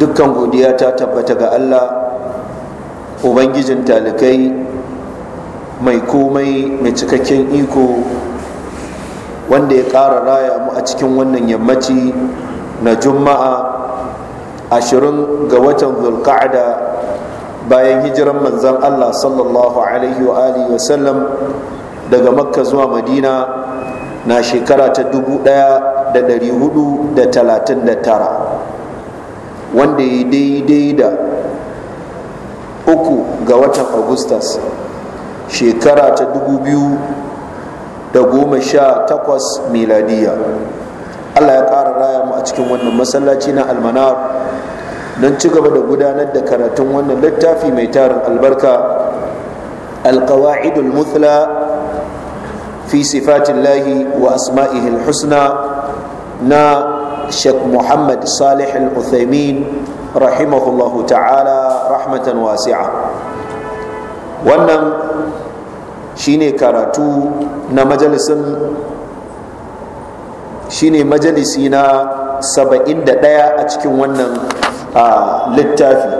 dukkan godiya ta tabbata ga Allah ubangijin talikai mai komai mai cikakken iko wanda ya ƙara raya mu a cikin wannan yammaci na juma'a ashirin ga watan zulka'ada bayan hijiran manzan Allah sallallahu alaihi wa alihi wasallam daga makka zuwa madina na shekara ta 1439 wanda ya daidai da uku ga watan augustus shekara ta 2018 miladiya allah ya ƙara raya mu a cikin wannan masallaci na almanar don ci gaba da gudanar da karatun wannan littafi mai tarin albarka alkawa'idul muthla fi sifatillahi wa asma'ihil husna na Sheikh Muhammad Salih Al-Uthaymin rahimahullahu ta'ala rahmatan wasi'a wannan shine karatu na majalisin shine majalisi na 71 a cikin wannan littafi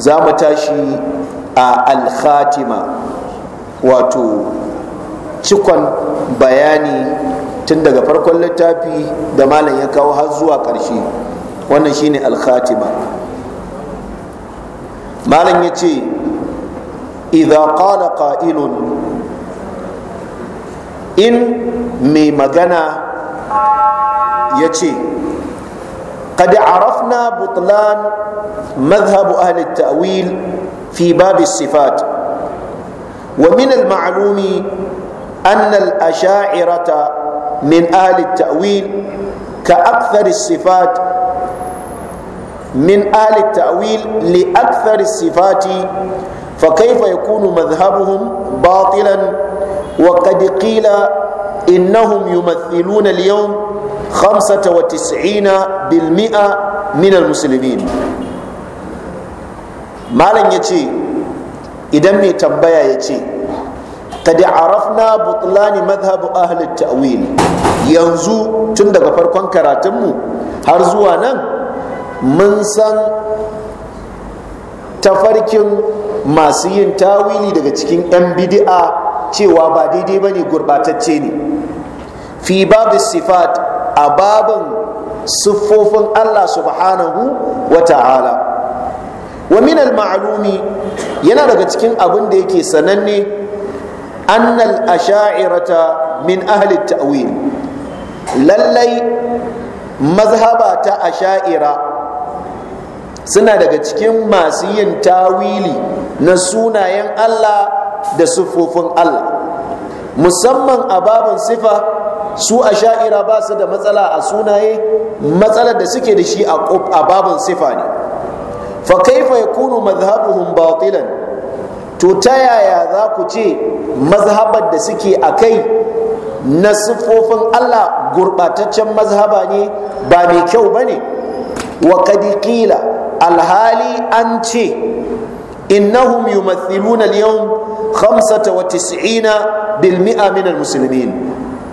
za mu tashi a al-khatima wato cikon bayani tun daga farkon littafi da malam ya kawo har zuwa ƙarshe wannan shine al-khatima malam ya ce idza qala qa'ilun in mai magana ya ce قد عرفنا بطلان مذهب أهل التأويل في باب الصفات ومن المعلوم أن الأشاعرة من أهل التأويل كأكثر الصفات من أهل التأويل لأكثر الصفات فكيف يكون مذهبهم باطلا وقد قيل إنهم يمثلون اليوم خمسة وتسعين بالمئة من المسلمين ما لن يتي إذا مي تنبيا يتي qad arafna butlan madhhab ahli tawil yanzu tun daga farkon karatunmu har zuwa nan mun san tafarkin masu yin tawili daga cikin 'yan bidi'a cewa ba daidai ba ne gurbatacce ne fi babu sifat a babin siffofin allah subhanahu wa ta'ala wa minal ma'alumi yana daga cikin abin da yake sananne annal asha'irata min ahli ta'wil lallai mazhaba ta asha'ira suna daga cikin masu yin tawili na sunayen Allah da siffofin Allah musamman a babin sifa su a sha'ira ba su da matsala a sunaye matsalar da suke da shi a babin sifa ne fa kaifa yakunu madhhabuhum batilan to ta yaya za ku ce mazhabar da suke a kai na siffofin Allah gurɓataccen mazhaba ne ba mai kyau ba ne wa alhali an ce innahum yumathiluna al-yawm 95 bil mi'a min al-muslimin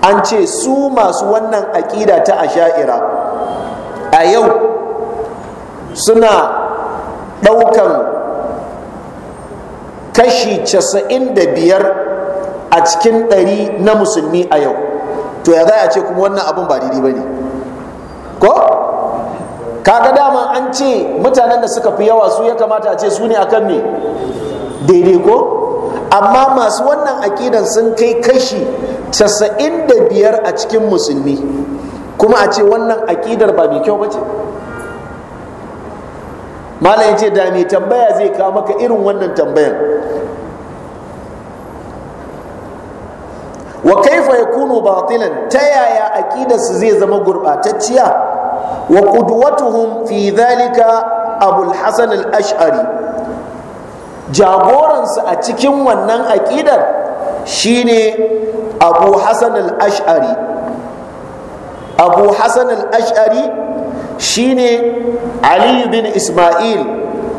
an ce su masu wannan aƙida ta asha'ira a yau suna ɗaukan kashi casa'in da biyar a cikin ɗari na musulmi a yau to ya za a ce kuma wannan abin ba daidai ba ne ko kaga dama an ce mutanen da suka fi yawa su ya kamata a ce su ne akan me daidai ko amma masu wannan akidan sun kai kashi casa'in da biyar a cikin musulmi kuma a ce wannan aƙidar ba mai kyau ba ce malam ya ce da mai tambaya zai kawo maka irin wannan tambayan wa kaifa kunu batilan ta yaya su zai zama gurɓatacciya? wa qudwatuhum fi zalika abul hasan al ash'ari jagoransu a cikin wannan aƙidar shine abu hasan al ash'ari abu hasan al ash'ari shine Aliyu bin isma'il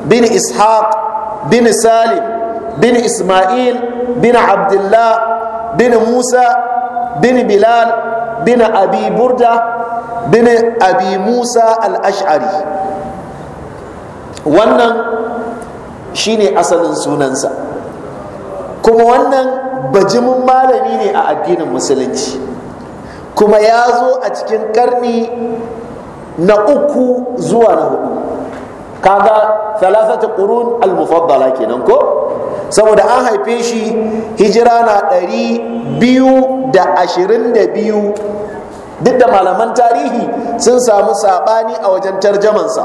bin ishaq bin salim bin isma'il bin abdullah bin musa bin bilal bin abi burda bin abi musa al-ash'ari wannan shine asalin sunansa kuma wannan bajimin malami ne a addinin musulunci kuma ya zo a cikin karni na uku zuwa na hudu kaga thalathatu qurun al-mufaddala kenan ko saboda an haife shi hijira na ɗari biyu da ashirin da biyu duk da malaman tarihi sun samu saɓani a wajen tarjamansa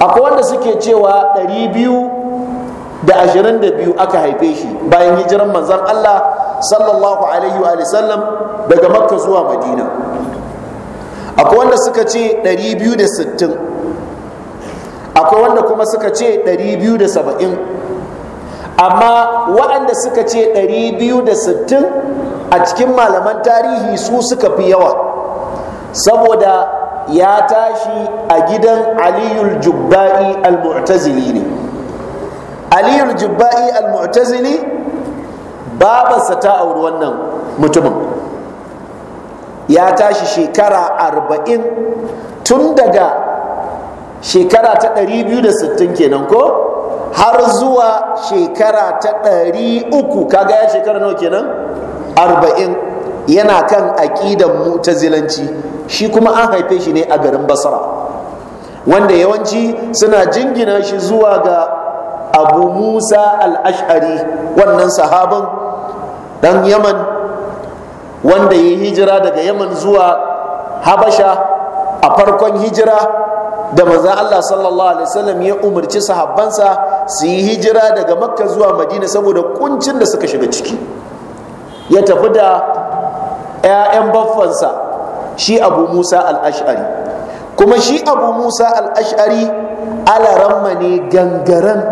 akwai wanda suke cewa ɗari biyu da ashirin da biyu aka haife shi bayan hijiran manzan Allah sallallahu alaihi wa sallam daga makka zuwa madina akwai wanda suka ce 260 akwai wanda kuma suka ce 270 amma waɗanda suka ce 260 a cikin malaman tarihi su suka fi yawa saboda ya tashi a gidan Aliyu jubba'i al-mu'tazili ne Aliyu jubba'i al-mu'tazili babansa ta auri wannan mutumin ya tashi shekara arba'in tun daga shekara ta 260 kenan ko har zuwa shekara ta 300 kaga ya shekara nawa kenan arba'in yana kan aƙidan zilanci. shi kuma an haife shi ne a garin basra wanda yawanci suna jingina shi zuwa ga abu musa al-ash'ari wannan sahabin dan yaman wanda ya yi hijira daga yaman zuwa habasha a farkon hijira da manzan Allah sallallahu alaihi wasallam ya umarci sahabbansa su yi hijira daga makka zuwa madina saboda kuncin da suka shiga ciki ya tafi da 'ya'yan baffansa shi abu musa al kuma shi abu musa al-ash'ari alaramma ne gangaren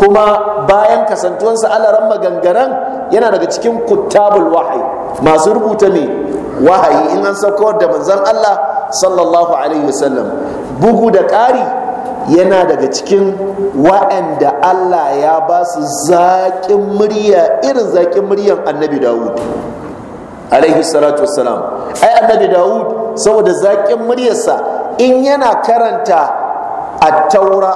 kuma bayan kasantuwansa ma gangaren yana daga cikin kuttabul wahayi masu rubuta ne wahayi in an saukar da manzon Allah sallallahu alaihi wasallam bugu da ƙari yana daga cikin wa'anda Allah ya ba su zaƙin murya irin zaƙin muryan annabi Dawud alaihi salatu wassalam ai annabi Dawud saboda zaƙin muryarsa in yana karanta a taura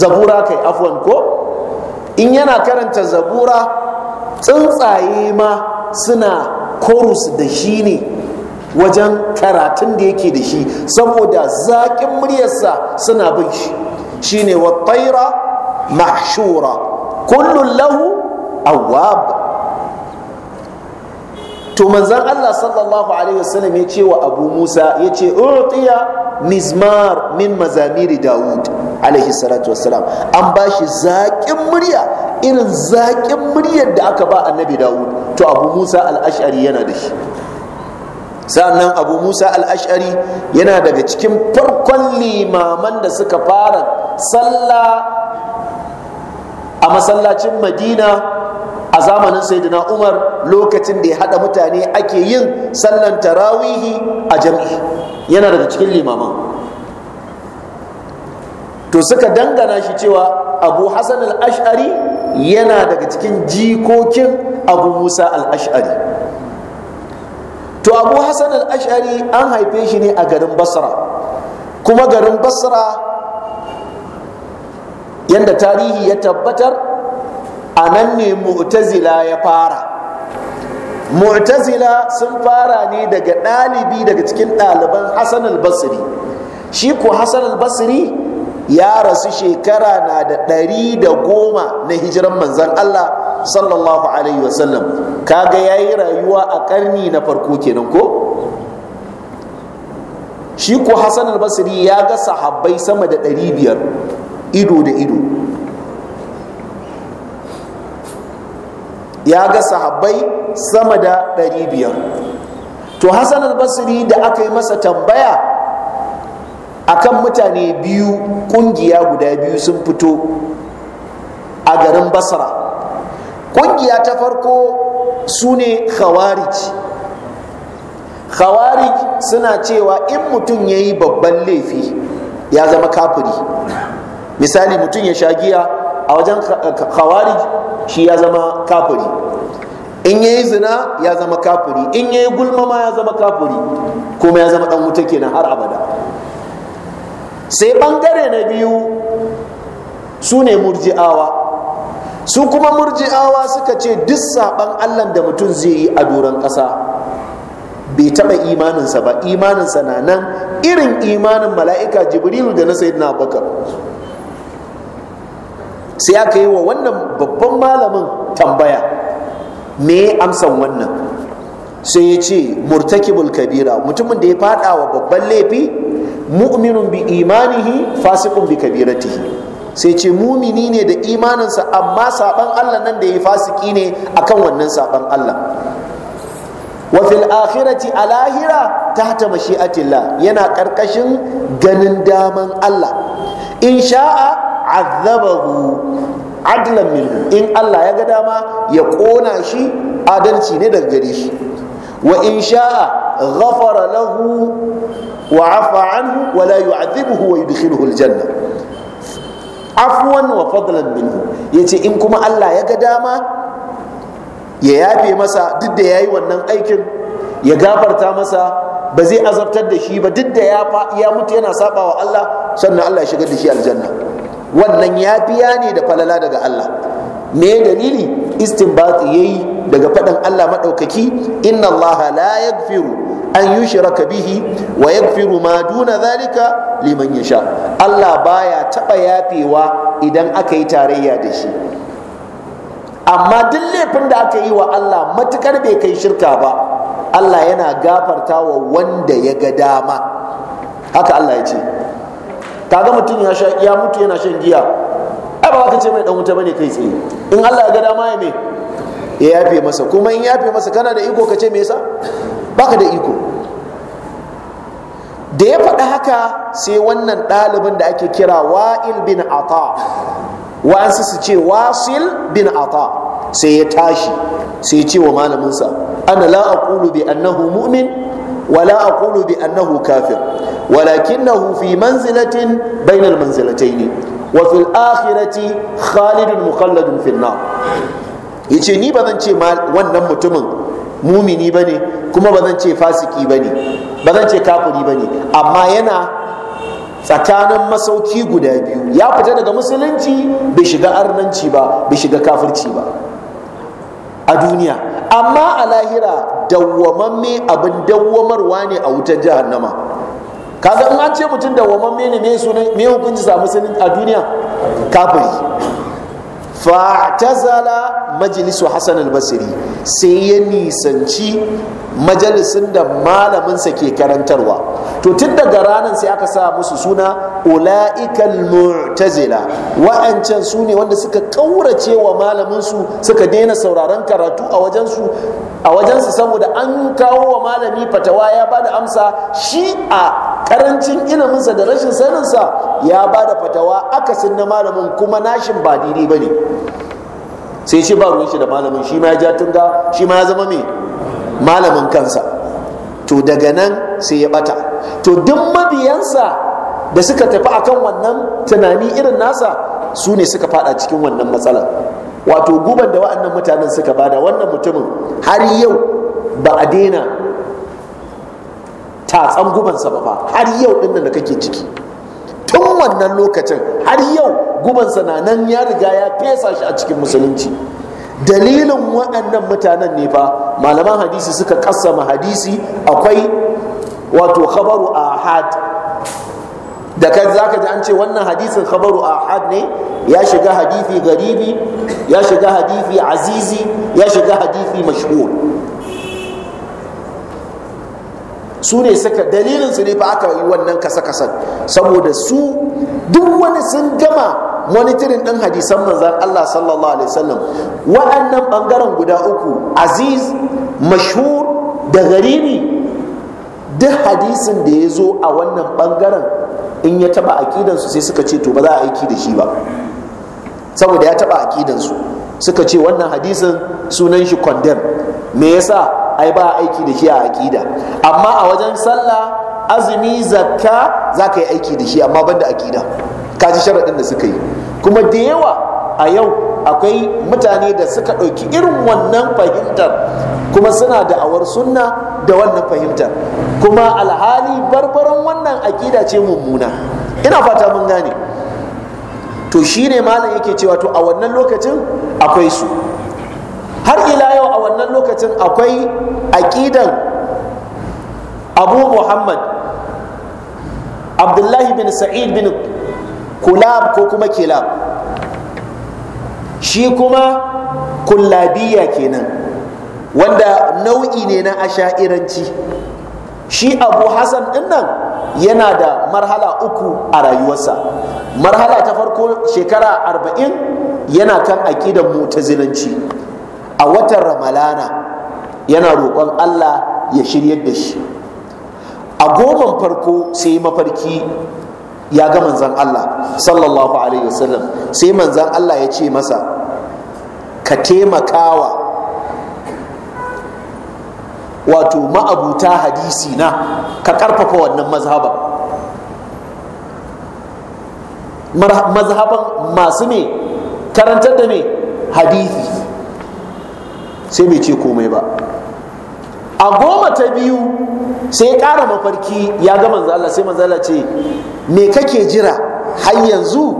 zabura kai afwan ko in yana karanta zabura tsuntsaye ma suna korus da shi ne wajen karatun da yake da shi saboda zaƙin muryarsa suna bin shi shine ɗaira mahshura kullun lahu awwab to manzan Allah sallallahu alaihi wasallam ya ce wa Abu Musa ya ce utiya mizmar min mazamiri Dawud alaihi salatu wasalam an ba shi zaƙin murya irin zaƙin muryar da aka ba annabi Dawud to Abu Musa al yana da shi Sa'annan abu musa al'ashari yana daga cikin farkon limaman da suka fara sallah a masallacin madina a zamanin sayyidina umar lokacin da ya hada mutane ake yin sallan tarawihi a jam'i yana daga cikin limaman to suka dangana shi cewa abu hassan al-ash'ari yana daga cikin jikokin abu musa al-ash'ari to abu hassan al-ash'ari an haife shi ne a garin basra kuma garin basra yadda tarihi ya tabbatar a ne mu'tazila ya fara mu'tazila sun fara ne daga ɗalibi daga cikin ɗaliban hassan al-basri shi ko hassan al-basri ya rasu shekara na da ɗari da goma na hijiran manzan Allah sallallahu alaihi wasallam kaga ya yi rayuwa a ƙarni na farko kenan ko shi ko hassan al-basri ya ga sahabbai sama da ɗari biyar ido da ido ya ga sahabbai sama da 500 to hassan al-basri da aka yi masa tambaya akan mutane biyu kungiya guda biyu sun fito a garin basra kungiya ta farko su ne khawarij khawarij suna cewa in mutum ya yi babban laifi ya zama kafiri misali mutum ya sha giya a wajen khawarij shi ya zama kafiri in yayi zina ya zama kafiri in yayi gulma ma ya zama kafiri kuma ya zama dan wuta kenan har abada sai bangare na biyu su ne murji'awa su kuma murji'awa suka ce duk saban allah da mutum zai yi a doron kasa bai taɓa imaninsa ba imaninsa na nan irin imanin mala'ika jibrilu da na sayyidina abubakar sai aka yi wa wannan babban malamin tambaya me amsan wannan sai ya ce murtakibul kabira mutumin da ya fada wa babban laifi mu'minun bi imanihi fasikun bi kabiratihi sai ce mumini ne da imaninsa amma saban Allah nan da ya fasiki ne akan wannan saban Allah wa fil akhirati a lahira tahta mashi'atillah yana karkashin ganin daman Allah in sha'a azzabahu adlan minhu in Allah ya ga dama ya kona shi adalci ne daga gare shi wa in sha'a ghafara lahu wa afa anhu wa la yu'adhibuhu wa yudkhiluhu aljanna afwan wa fadlan minhu yace in kuma Allah ya ga dama ya yafe masa duk da yayi wannan aikin ya gafarta masa ba zai azabtar da shi ba duk da ya ya mutu yana saba wa Allah sannan Allah ya shigar da shi aljanna wannan yafiya ne da falala daga Allah me dalili istinbati yayi daga faɗin Allah maɗaukaki inna Allah la yaghfiru an yushraka bihi wa yaghfiru ma duna zalika liman yasha Allah baya taɓa yafewa idan aka yi tarayya da shi amma duk laifin da aka yi wa Allah matukar bai kai shirka ba Allah yana gafarta wa wanda ya ga dama haka Allah ya ce kaga mutum ya sha ya mutu yana shan giya ai ba ka ce mai dan wuta bane kai tsaye in Allah ya ga dama ya me ya yafe masa kuma in yafe masa kana da iko ka ce me yasa baka da iko da ya faɗi haka sai wannan ɗalibin da ake kira wa'il bin ata wa'ansu su ce wasil bin ata sai ya tashi sai ya ce wa malaminsa ana la aqulu bi annahu mu'min wa la aqulu bi annahu kafir walakinahu fi manzilatin bainal ne wa fil akhirati khalidun mukhalladun fil nar yace ni ba zan ce wannan mutumin mumini bane kuma ba zan ce fasiki bane ba zan ce kafiri bane amma yana tsakanin masauki guda biyu ya fita daga musulunci bai shiga arnanci ba bai shiga kafirci ba a duniya amma a lahira dawwamamme abin dawwamarwa ne a wutar nama. kaga in an ce mutum dawwamamme ne me hukunci samu sanin a duniya kafiri fa'tazala majlisu Hassan al-basri sai ya nisanci majalisin da malaminsa ke karantarwa to tun daga ranar sai aka sa musu suna ula'ikal mu'tazila wa'ancan su ne wanda suka kaurace wa malaminsu suka daina sauraron karatu a wajensu a wajensu saboda an kawo wa malami fatawa ya bada amsa shi a karancin iliminsa da rashin saninsa ya ba da fatawa akasin na malamin kuma nashin ba daidai ba ne sai shi ba ruwan shi da malamin shi ma ya ja tunga shi ma ya zama mai malamin kansa to daga nan sai ya bata to duk mabiyansa da suka tafi akan wannan tunani irin nasa su ne suka fada cikin wannan matsalar wato guban da wa'annan mutanen suka bada wannan mutumin har yau ba a daina tatsan gubansa ba har yau ɗin da kake ciki tun wannan lokacin har yau guban sana'nan ya riga ya fesa shi a cikin musulunci dalilin waɗannan mutanen ne fa malaman hadisi suka kassama hadisi akwai wato khabaru ahad da kan ka ji an ce wannan hadisin khabaru ahad ne ya shiga hadisi garibi ya shiga hadisi azizi ya shiga hadisi mashhur su ne suka dalilin su ne fa aka yi wannan kasa kasan saboda su duk wani sun gama monitorin ɗin hadisan manzan Allah sallallahu alaihi wasallam wa'annan ɓangaren guda uku aziz mashhur da gariri duk hadisin da ya zo a wannan ɓangaren in ya taɓa aƙidansu sai suka ce to ba za a aiki da shi ba saboda ya taɓa aƙidansu suka ce wannan hadisin sunan shi condemn me yasa ai ba aiki da shi a aqida amma a wajen sallah azumi zakka za ka yi aiki da shi amma banda aqida ka ji sharadin da suka yi kuma da yawa a yau akwai mutane da suka ɗauki irin wannan fahimtar kuma suna da awar sunna da wannan fahimtar kuma alhali barbaran wannan aƙida ce mummuna ina fata mun gane to shine malam yake cewa to a wannan lokacin akwai su har ila wannan lokacin akwai aƙidan abu muhammad abdullahi bin sa'id bin kulab ko kuma kilab shi kuma kullabiya kenan wanda nau'i ne na asha'iranci shi abu hassan dinnan yana da marhala uku a rayuwarsa marhala ta farko shekara arba'in yana kan aƙidan mutazilanci a watan ramalana yana roƙon Allah ya shirya da shi a goman farko sai mafarki ya ga manzan Allah sallallahu alaihi wasallam sai manzan Allah ya ce masa ka taimaka wa, wato ma'abuta hadisi na ka karfafa wannan mazhaban mazhaban masu ne karantar da ne hadisi sai bai ce komai ba a goma ta biyu sai ya ƙara mafarki ya ga manzala sai manzala ce me kake jira har yanzu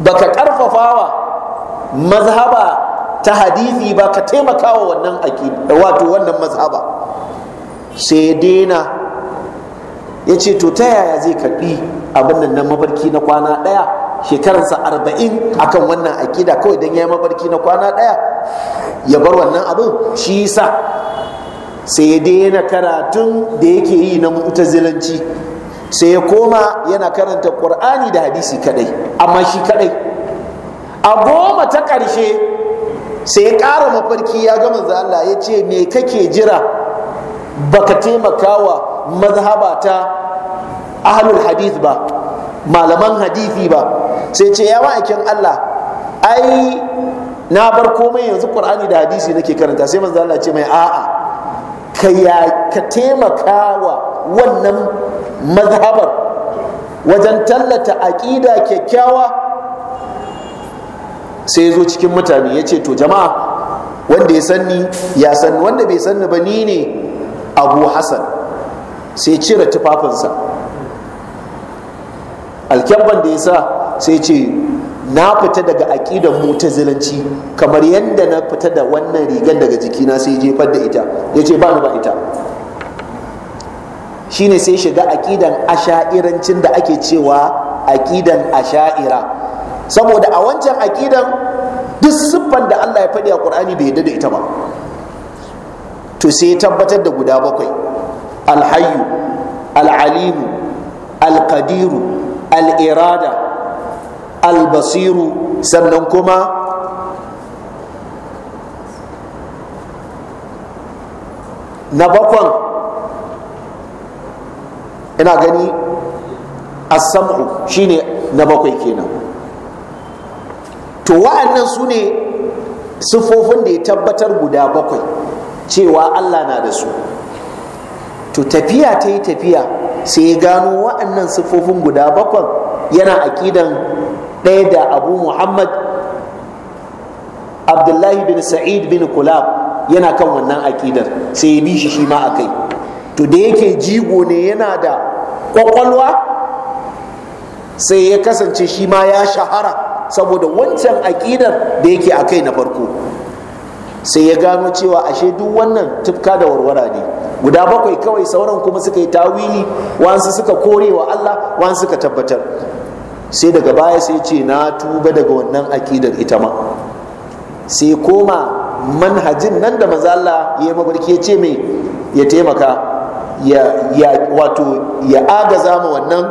baka ƙarfafawa mazhaba ta hadisi ba ka taimakawa wannan aqida wato wannan mazhaba sai ya daina ya ce to ta yaya zai kaɗi abin nan na mafarki na kwana ɗaya shekararsa arba'in akan wannan akida kawai don ya yi mabarki na kwana ɗaya ya bar wannan abin shi sa. sai ya daina karatun da yake yi na mu'tazilanci sai ya koma yana karanta Ƙur'ani da hadisi kadai amma shi kadai a goma ta ƙarshe sai ya ƙara mafarki ya ga manzo Allah ya ce me kake jira baka taimakawa mazhabata ahlul hadith ba malaman hadisi ba sai ce ya ma'aikin Allah ai na bar komai yanzu Qur'ani da hadisi nake karanta sai manzo Allah ce mai a'a ka ya ka taimakawa wannan mazhabar wajen tallata aƙida kyakkyawa sai zo cikin mutane ya ce to jama'a wanda ya sanni ya sanni wanda bai sanni ba ni ne abu Hassan. sai cire tufafinsa alkyabban da ya sa sai ce na fita daga aƙidan zilanci kamar yadda na fita da wannan rigar daga jikina sai jefar da ita ya ce ba ni ba ita shine sai shiga aƙidan asha'irancin da ake cewa aƙidan asha'ira saboda a wancan aƙidan duk siffan da Allah ya faɗi a Qur'ani bai yadda da ita ba to sai ya tabbatar da guda bakwai alhayyu al'alimu alqadiru al'irada albasiru sannan kuma na bakwan ina gani as-sam'u shine na bakwai kenan to wa'annan su ne sufofin da ya tabbatar guda bakwai cewa Allah na da su to tafiya ta yi tafiya sai ya gano wa'annan sufofin guda bakwan yana aƙidan ɗaya da abu muhammad abdullahi bin sa'id bin kulab yana kan wannan aƙidar sai ya bi shi shi ma a kai to da yake jigo ne yana da ƙwaƙwalwa sai ya kasance shi ma ya shahara saboda wancan aƙidar da yake a kai na farko sai ya gano cewa ashe duk wannan tufka da warwara ne guda bakwai kawai sauran kuma suka yi tawili wansu suka kore wa Allah wansu suka tabbatar sai daga baya sai ce na tuba daga wannan akidar ita ma sai koma manhajin nan da mazala ya yi mabarki ya ce me ya taimaka ya wato ya agaza ma wannan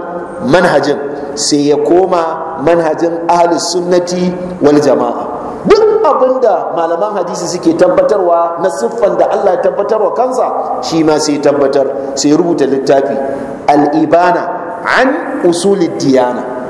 manhajin sai ya koma manhajin ahlus sunnati wal jama'a duk abinda malaman hadisi suke tabbatarwa na siffan da Allah ya tabbatarwa kansa shi ma sai tabbatar sai rubuta littafi Al'ibana an usulid diyana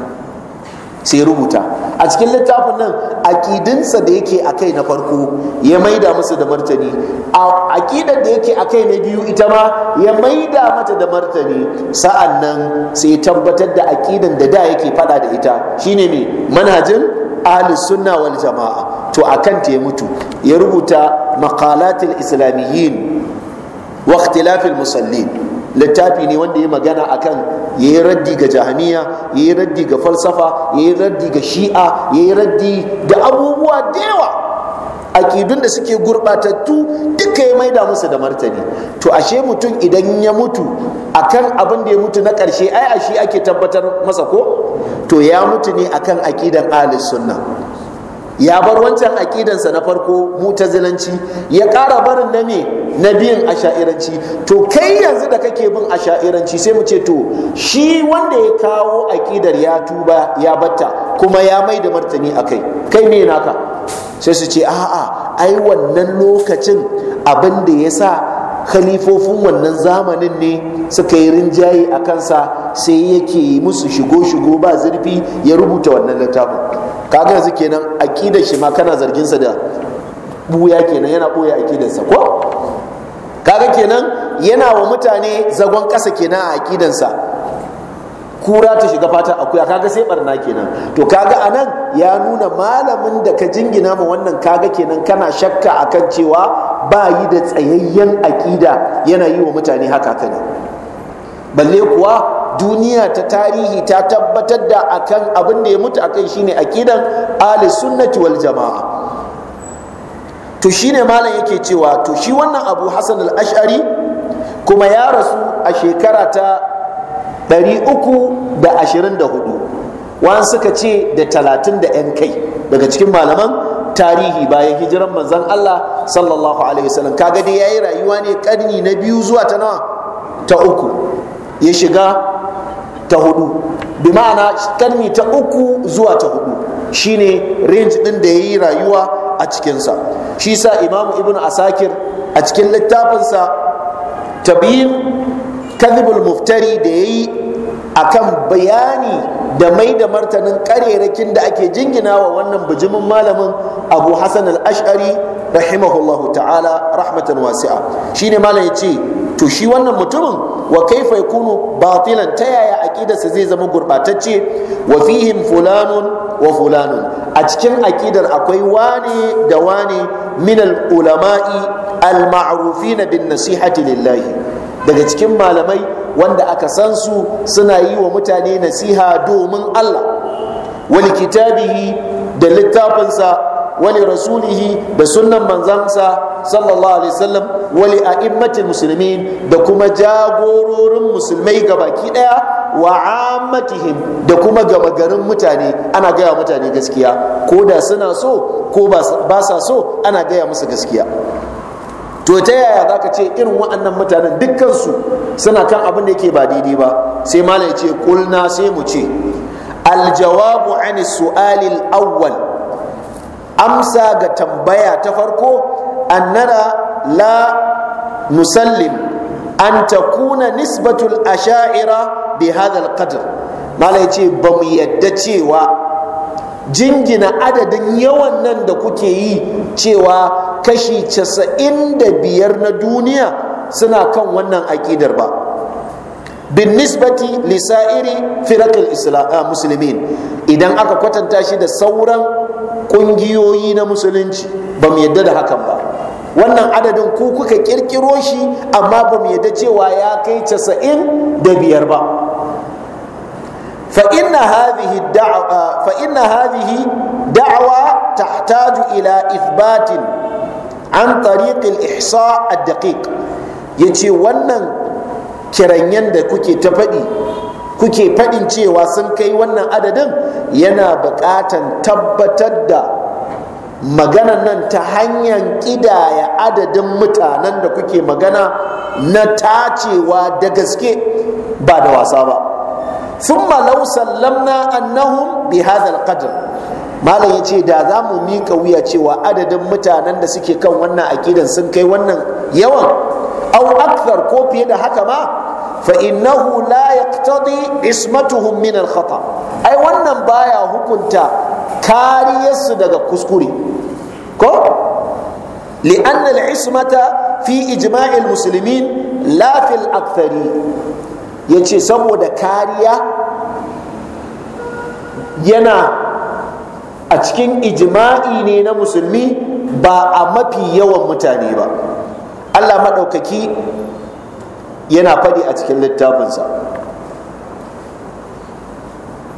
sai rubuta a cikin littafin nan aƙidinsa da yake a kai na farko ya maida musu da martani a aƙidar da yake a kai na biyu ita ma ya maida mata da martani sa'an nan sai tabbatar da akidan da da yake faɗa da ita shine mai manajin ahli sunna wal jama'a to akan ta ya mutu ya rubuta maqalatul islamiyyin wa ikhtilafil musallin littafi ne wanda ya magana akan ya yi raddi ga jahamiya ya yi raddi ga falsafa ya yi raddi ga shi'a ya yi raddi ga abubuwa da yawa akidun da suke gurɓatattu duka ya maida musu da martani to ashe mutum idan ya mutu akan abin da ya mutu na ƙarshe ai ashe ake tabbatar masa ko to ya mutu ne akan akidan ahlus sunna ya bar wancan aƙidansa na farko mutazilanci ya ƙara barin na ne na biyan asha'iranci to kai yanzu da kake bin asha'iranci sai mu ce to shi wanda ya kawo aƙidar ya tuba ya batta kuma ya mai da martani a kai kai ne naka sai su ce a'a ai wannan lokacin abin da ya sa khalifofin wannan zamanin ne suka yi rinjaye a kansa sai yake musu shigo-shigo ba zurfi ya rubuta wannan littafin kaga yanzu kenan aqidar shi ma kana zargin sa da buya kenan yana boye aqidar sa ko kaga kenan yana wa mutane zagon kasa kenan a aqidar sa kura ta shiga fata akuya kaga sai barna kenan to kaga anan ya nuna malamin da ka jingina ma wannan kaga kenan kana shakka akan cewa ba yi da tsayayyen aqida yana yi wa mutane haka ne balle kuwa duniya ta tarihi ta tabbatar da akan abin da ya mutu akan shine akidan ahli sunnati wal jama'a to shine malam yake cewa to shi wannan abu hasan al-ash'ari kuma ya rasu a shekara ta 324 wani suka ce da 30 da 'yan kai daga cikin malaman tarihi bayan hijiran manzon Allah sallallahu alaihi wasallam kaga dai yayi rayuwa ne karni na biyu zuwa ta nawa ta uku ya shiga ta hudu bi ma'ana karni ta uku zuwa ta hudu shine range din da yayi rayuwa a cikinsa shi sa imam ibnu asakir a cikin littafinsa tabiyin kadhibul muftari da yayi akan bayani da mai da martanin karerakin da ake jingina wa wannan bijimin malamin abu hassan al-ash'ari rahimahullahu ta'ala rahmatan wasi'a shine malam ya ce to shi wannan mutumin wa kaifa yakunu batilan ta yaya aqidarsa zai zama gurbatacce wa fihim fulanun wa fulanun a cikin aƙidar akwai wane da wane min ulama'i al na bin nasihati lillahi daga cikin malamai wanda aka san su suna yi wa mutane nasiha domin Allah wal kitabihi da littafinsa Wali li rasulihi da sunnan manzansa sallallahu alaihi wasallam wa li a'immatil da kuma jagororin musulmai gabaki daya wa ammatihim da kuma gama garin mutane ana gaya mutane gaskiya ko da suna so ko ba sa so ana gaya musu gaskiya to ta yaya za ka ce irin waɗannan mutanen dukkansu suna kan abin da yake ba daidai ba sai malam ya kulna sai mu ce aljawabu ani su'alil awwal amsa ga tambaya ta farko an nara la nusallim an ta kuna nisbatul asha'ira bi hadal qadr malai ce ba mu yadda cewa jingina adadin yawan nan da kuke yi cewa kashi casa'in da biyar na duniya suna kan wannan aƙidar ba bin nisbati lisa'iri firakul ah, musulmin idan aka kwatanta shi da sauran ƙungiyoyi na musulunci ba mu yadda da hakan ba wannan adadin ku kuka kirkiro shi amma ba mu yadda cewa ya kai casa'in da biyar ba فإن هذه الدعوة فإن هذه دعوة تحتاج إلى إثبات عن طريق الإحصاء الدقيق يجي ونن كرنين da kuke ta faɗi kuke faɗin cewa sun kai wannan adadin yana buƙatan tabbatar da magana nan ta hanyar ƙidaya adadin mutanen da kuke magana na tacewa da gaske ba da wasa ba sun malau sallamna annahum bi hadal qadr malam ya ce da za mu mika wuya cewa adadin mutanen da suke kan wannan akidan sun kai wannan yawan au akthar ko fiye da haka ma فإنه لا يقتضي عصمتهم من الخطأ أي wannan baya hukunta kariyarsu daga kuskure ko لأن ismata fi إجماع المسلمين لا في yace saboda kariya yana a cikin ijima'i ne na musulmi ba a mafi yawan mutane ba Allah maɗaukaki yana fadi a cikin littafinsa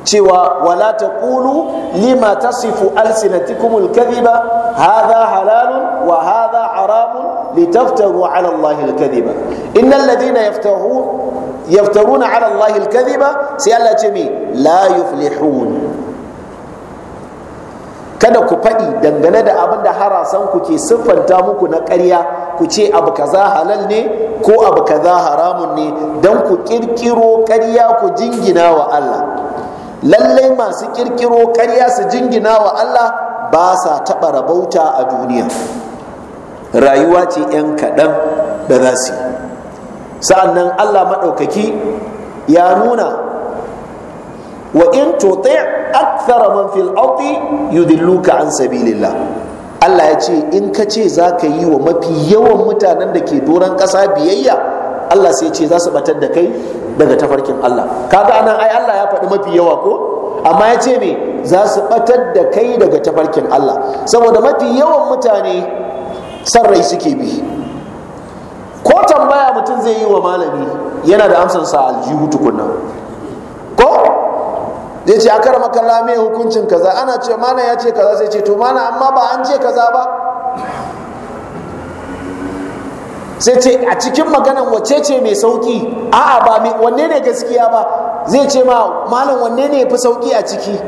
cewa wala ta ƙulu lima tasifu alsinatikum alkadhiba hadha halalun wa hadha haramun litaftaru ala Allah alkadhiba innal ladina yaftahun يفترون على الله الكذبة سيالا جميع لا يفلحون la yuflihun kada ku faɗi dangane da abin da harasan ku ke ku ce abu kaza halal ne ko abu kaza haramun ne don ku kirkiro ƙarya ku jingina wa Allah lallai masu kirkiro ƙarya su jingina wa Allah ba sa taɓa rabauta a duniya rayuwa ce 'yan kaɗan da za su yi Allah maɗaukaki ya nuna wa in tuti akthara man fil ardi yudilluka an sabilillah Allah ya ce in ka ce za ka yi wa mafi yawan mutanen da ke doron ƙasa biyayya Allah sai ce za su batar da kai daga tafarkin Allah kaga anan ai Allah ya faɗi mafi yawa ko amma ya ce me za su batar da kai daga tafarkin Allah saboda mafi yawan mutane san rai suke bi ko tambaya mutum zai yi wa malami yana da amsansa aljihu tukunna ko zai ce akar maka mai hukuncin kaza ana ce mana ya ce kaza sai ce to mana amma ba an ce kaza ba sai ce a cikin maganan wace ce mai sauki a'a ba wanne ne gaskiya ba zai ce ma malam wanne ne fi sauki a ciki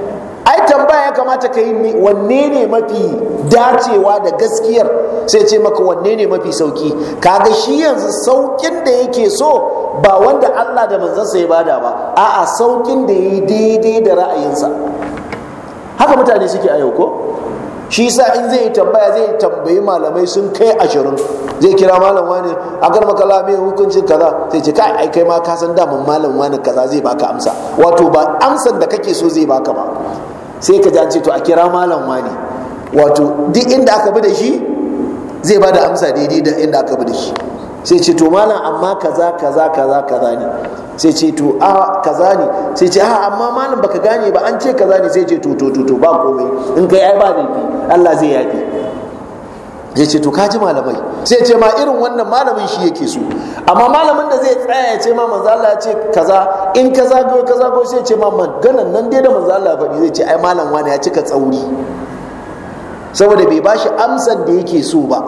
ai tambaya ya kamata ka yi wanne ne mafi dacewa da gaskiyar sai ce maka wanne ne mafi sauki kaga shi yanzu saukin da yake so ba wanda Allah da manzansa ya bada ba a'a saukin da yi daidai da ra'ayinsa haka mutane suke a yau ko shi sa in zai tambaya zai tambayi malamai sun kai ashirin zai kira malam wani a garma makala mai hukuncin kaza sai ce kai ai ma ka san daman malam wani kaza zai baka amsa wato ba amsan da kake so zai baka ba sai ka ji to a kira malam wani wato duk inda aka bi da shi zai ba da amsa daidai da inda aka bi da shi sai ce to malam amma kaza kaza kaza kaza ne sai ce to a kaza ne sai ce a amma malam baka gane ba an ce kaza ne sai ce to to to ba komai in kai ai ba laifi Allah zai yafi sai ce to ka ji malamai sai ce ma irin wannan malamin shi yake so amma malamin da zai tsaya ya ce ma manzo Allah ya ce kaza in kaza go kaza go sai ce ma maganan nan dai da manzo Allah ya faɗi zai ce ai malam wani ya cika tsauri saboda bai bashi amsar da yake so ba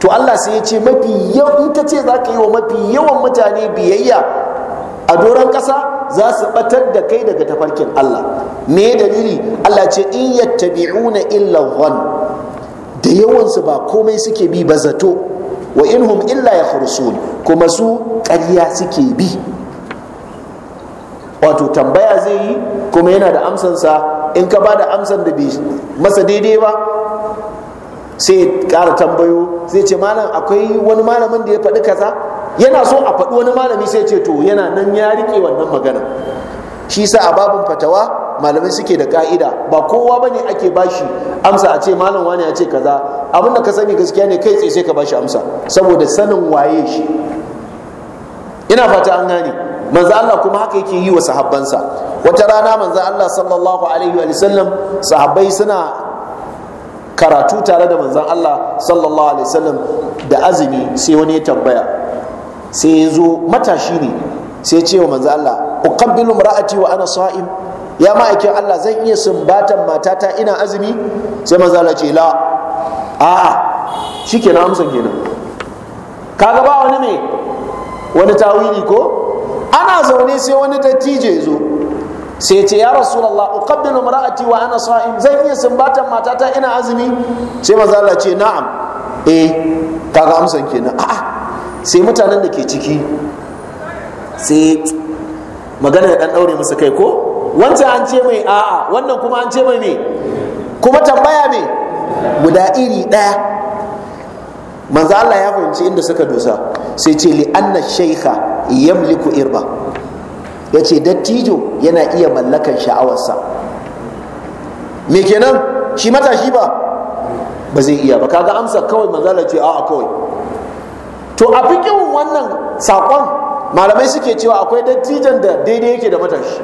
to Allah sai ya ce mafi yawan ita ce za ka yi wa mafi yawan mutane biyayya a doron ƙasa za su ɓatar da kai daga tafarkin Allah me dalili Allah ce in yattabi'una illa hon, da yawansu ba komai suke bi ba zato wa inhum illa yakhrusun kuma su ƙarya suke bi wato tambaya zai yi kuma yana da amsansa in ka ba da amsan da bai masa daidai ba sai kara tambayo zai ce malam akwai wani malamin da ya faɗi kaza yana so a faɗi wani malami sai ce to yana nan ya riƙe wannan magana shi sa a babin fatawa malamai suke da ka'ida ba kowa ba ne ake bashi amsa a ce malam wani ya ce kaza abin da ka sani gaskiya ne kai tsaye sai ka bashi amsa saboda sanin waye shi ina fata an gane manzo Allah kuma haka yake yi wa sahabbansa wata rana manzo Allah sallallahu alaihi wa sallam sahabbai suna karatu tare da manzan Allah sallallahu alaihi wasallam da azumi sai wani ya tambaya sai ya zo matashi ne sai ce wa manzan Allah uqabbilu imra'ati wa ana sa'im ya ma'aikin Allah zan iya sumbatan matata ina azumi sai manzan Allah ce la ke shikenan amsa kenan kaga ba wani ne wani tawili ko ana zaune sai wani dattijo ya zo sai ce ya rasulullah uqabbilu mara'ati wa ana sa'im zan iya sumbatan matata ina azumi sai manzo Allah ce na'am eh kaga amsan kenan a'a sai mutanen da ke ciki sai magana da dan daure musu kai ko wancan an ce mai a'a wannan kuma an ce mai me kuma tambaya me guda iri daya manzo Allah ya fahimci inda suka dosa sai ce li anna shaykha yamliku irba ya ce dattijo yana iya mallakan sha'awarsa me kenan shi matashi ba ba zai iya ba kaga amsa kawai manzala ce a'a kawai to a fikin wannan saƙon malamai suke cewa akwai dattijan da daidai yake da matashi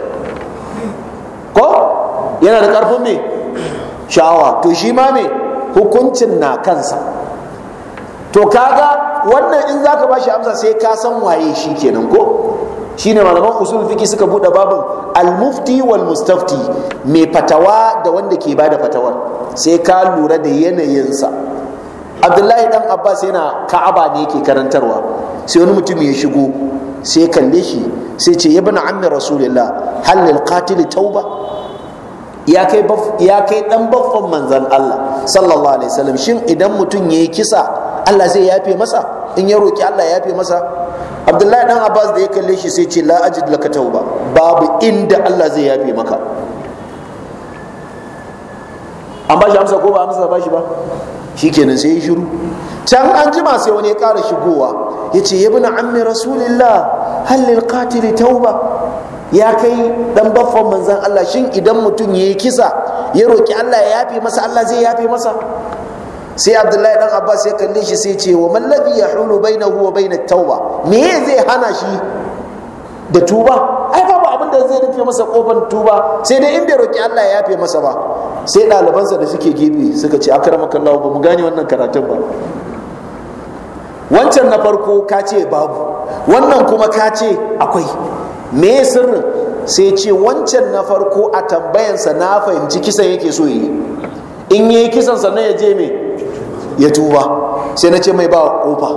ko yana da ƙarfin me sha'awa to shi ma me hukuncin na kansa to kaga wannan in zaka ba shi amsa sai ka san waye shi kenan ko shine malaman usul fiki suka bude babin al-mufti wal mustafti mai fatawa da wanda ke bada fatawar sai ka lura da yanayinsa abdullahi dan abbas yana ka'aba ne yake karantarwa sai wani mutum ya shigo sai kalle shi sai ce ibn ammi rasulillah hal lil qatil tauba ya kai ya dan baffan manzon Allah sallallahu alaihi wasallam shin idan mutum yayi kisa Allah zai yafe masa in ya roƙi Allah ya yafe masa abdullahi dan abbas da ya kalle shi sai ce la ajid laka tauba babu inda allah zai yafe maka an ba shi amsa ko ba amsa ba shi ba shikenan sai ya shiru can an jima sai wani ya kara shigowa ya ce ya bina ammi rasulillah hallin katili tauba ya kai dan baffan manzan allah shin idan mutum ya yi kisa ya roƙi allah ya yafe masa allah zai yafe masa sai abdullahi dan abbas ya kalle shi sai ce wa man ladhi yahulu bainahu wa bain at-tauba me zai hana shi da tuba ai babu abin da zai rufe masa kofar tuba sai dai in bai roki Allah ya yafe masa ba sai ɗalibansa da suke gefe suka ce akramakallahu ba mu gane wannan karatun ba wancan na farko ka ce babu wannan kuma ka ce akwai me sirrin sai ce wancan na farko a tambayansa na fahimci kisan yake so yi in yi kisan sannan ya je me ya tuba sai na ce mai ba kofa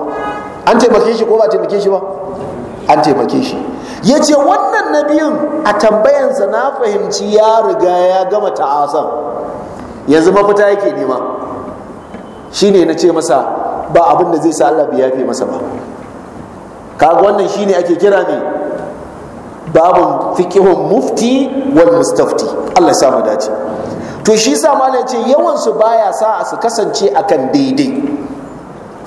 an taimake shi ko ba taimake shi ba an taimake shi ya ce wannan nabiyin a tambayansa na fahimci ya riga ya gama ta'asan yanzu mafita yake nema shine na ce masa ba abin da zai sa Allah bai yafe masa ba kaga wannan shine ake kira ne babun fiqihun mufti wal mustafti Allah ya sa mu dace to shi sa malam ce yawan su baya sa su kasance akan daidai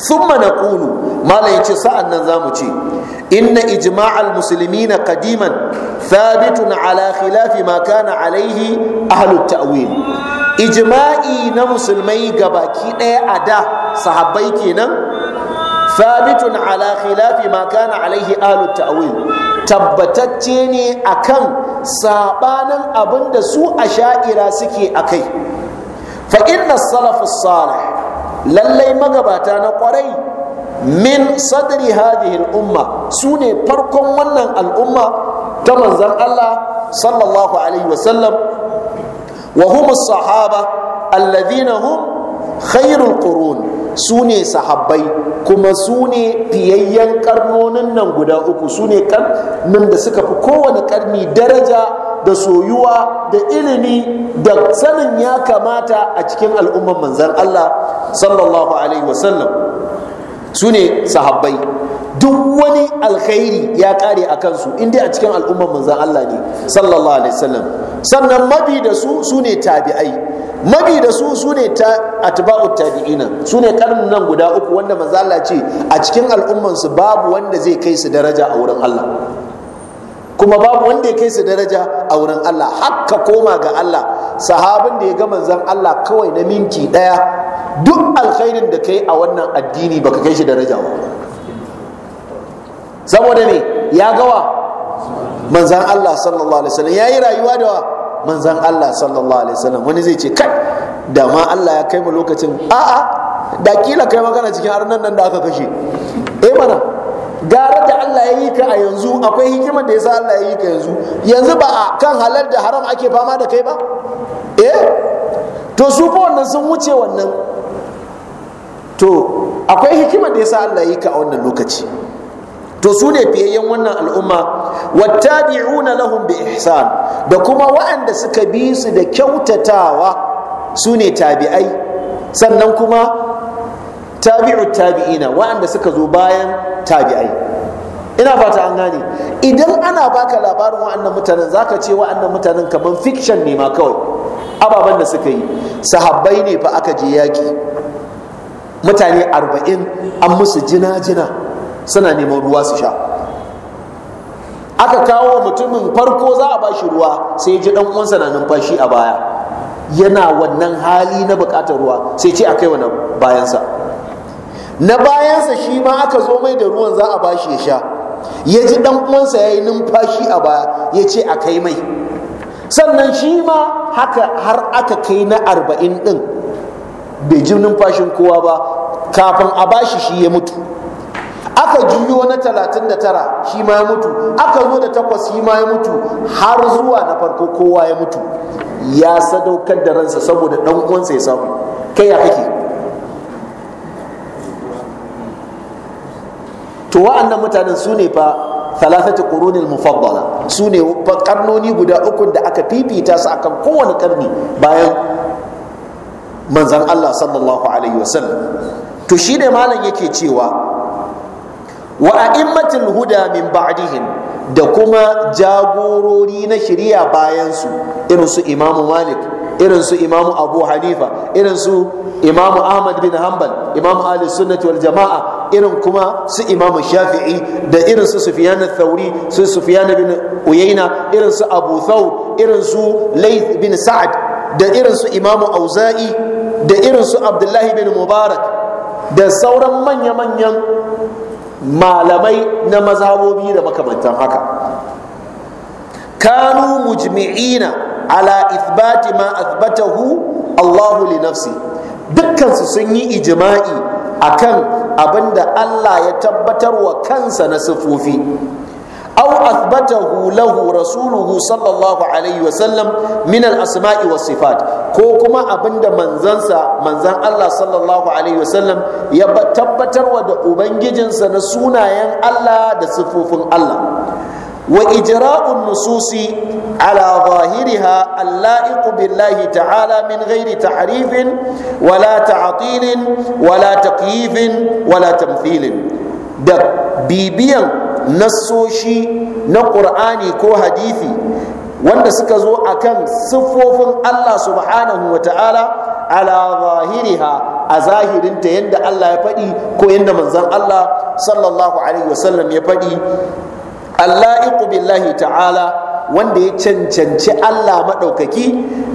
thumma naqulu malam yace sa'an nan zamu ce inna ijma'al muslimina kadiman thabitun ala khilafi ma kana alaihi ahlut ta'wil ijma'i na musulmai gabaki daya a da sahabbai kenan thabitun ala khilafi ma kana alaihi ahlut ta'wil tabbatacce ne akan sabanin abin da su a sha'ira suke a kai fa inna salafus salih lallai magabata na kwarai min sadri hadhihi umma su ne farkon wannan al'umma ta manzon Allah sallallahu alaihi wasallam wa hum sahaba alladhina hum khairul qurun su ne sahabbai kuma su ne fiyayyen karnonin nan guda uku su ne karnin da suka fi kowane karni daraja da soyuwa da ilimi da sanin ya kamata a cikin al'umman manzan Allah sallallahu alaihi wasallam su ne sahabbai duk wani alkhairi ya kare a kansu inda a cikin al'umman manzan Allah ne sallallahu alaihi wasallam sannan mabi da su su ne tabi'ai mabi da su su ne ta atba'u tabi'ina su ne karin nan guda uku wanda manzala ce a cikin al'ummansu babu wanda zai kai su daraja a wurin Allah kuma babu wanda ya kai su daraja a wurin Allah hakka koma ga Allah sahabin da ya ga manzan Allah kawai na minti daya duk alkhairin da kai a wannan addini baka kai shi daraja ba saboda ne ya gawa manzan Allah sallallahu alaihi wasallam yayi rayuwa da manzan Allah sallallahu alaihi wasallam wani zai ce kai da ma Allah ya kai mu lokacin a'a da kila kai magana cikin arnan nan da aka kashe eh mana gara da Allah ya yi ka a yanzu akwai hikimar da yasa Allah ya yi ka yanzu yanzu ba a kan halal da haram ake fama da kai ba eh to su fa wannan sun wuce wannan to akwai hikimar da yasa Allah ya yi ka a wannan lokaci to su ne fiyayyen wannan al'umma wattabi'una lahum bi ihsan da kuma wa'anda suka bi su da kyautatawa su ne tabi'ai sannan kuma tabi'u tabi'ina waɗanda suka zo bayan tabi'ai ina fata an gane idan ana baka labarin wa'annan mutanen zaka ce wa'annan mutanen kaman fiction ne ma kawai ababen da suka yi sahabbai ne fa aka je yaki mutane arba'in an musu jina-jina suna neman ruwa su sha aka kawo mutumin farko za a ba shi ruwa sai ji dan uwansa na numfashi a baya yana wannan hali na bukatar ruwa sai ce a kai wani bayansa na bayansa shi ma aka zo mai da ruwan za a ba shi ya sha ya ji dan uwansa ya yi numfashi a baya ya ce a kai mai sannan shi ma haka har aka kai na arba'in din bai ji numfashin kowa ba kafin a ba shi shi ya mutu aka juyo na talatin tara shi ma ya mutu aka zo da takwas shi ma ya mutu har zuwa na farko kowa ya mutu ya sadaukar da ransa saboda dan uwansa ya samu kai ya kake to wa'annan mutanen su ne fa thalathatu qurunil mufaddala su ne fa karnoni guda uku da aka fifita su akan kowane karni bayan manzon Allah sallallahu alaihi wasallam to shi ne malam yake cewa wa a'immatul huda min ba'dihim da kuma jagorori na shirya bayansu. su irin su imamu malik irin su imamu abu hanifa irin su imamu ahmad bin hanbal imamu ali sunnati wal jama'a irin kuma su imamu shafi'i da irin su sufyan thauri su sufyan bin uyaina irin su abu thawr irin su layth bin sa'ad da irin su imamu auza'i da irin su abdullahi bin mubarak da sauran manya-manyan malamai na mazabobi da makamantan haka kanu mujmi'ina ala ithbati ma athbatahu Allahu li nafsi dukkansu sun yi ijima'i akan abinda Allah ya tabbatar wa kansa na sifofi au athbatahu lahu rasuluhu sallallahu alaihi min al asma'i was sifat ko kuma abinda manzansa manzan Allah sallallahu alaihi wasallam ya wa da ubangijinsa na sunayen Allah da siffofin Allah wa ijra'un nususi ala zahiriha alla'iqu billahi ta'ala min ghairi tahrifin wala ta'tilin wala taqyifin wala tamthilin da bibiyan nassoshi na qur'ani ko hadisi wanda suka zo a kan siffofin Allah subhanahu wa ta'ala ala zahiriha a zahirinta yadda Allah ya faɗi ko yadda manzon Allah sallallahu alaihi wasallam ya faɗi Allah billahi ta'ala wanda ya cancanci Allah maɗaukaki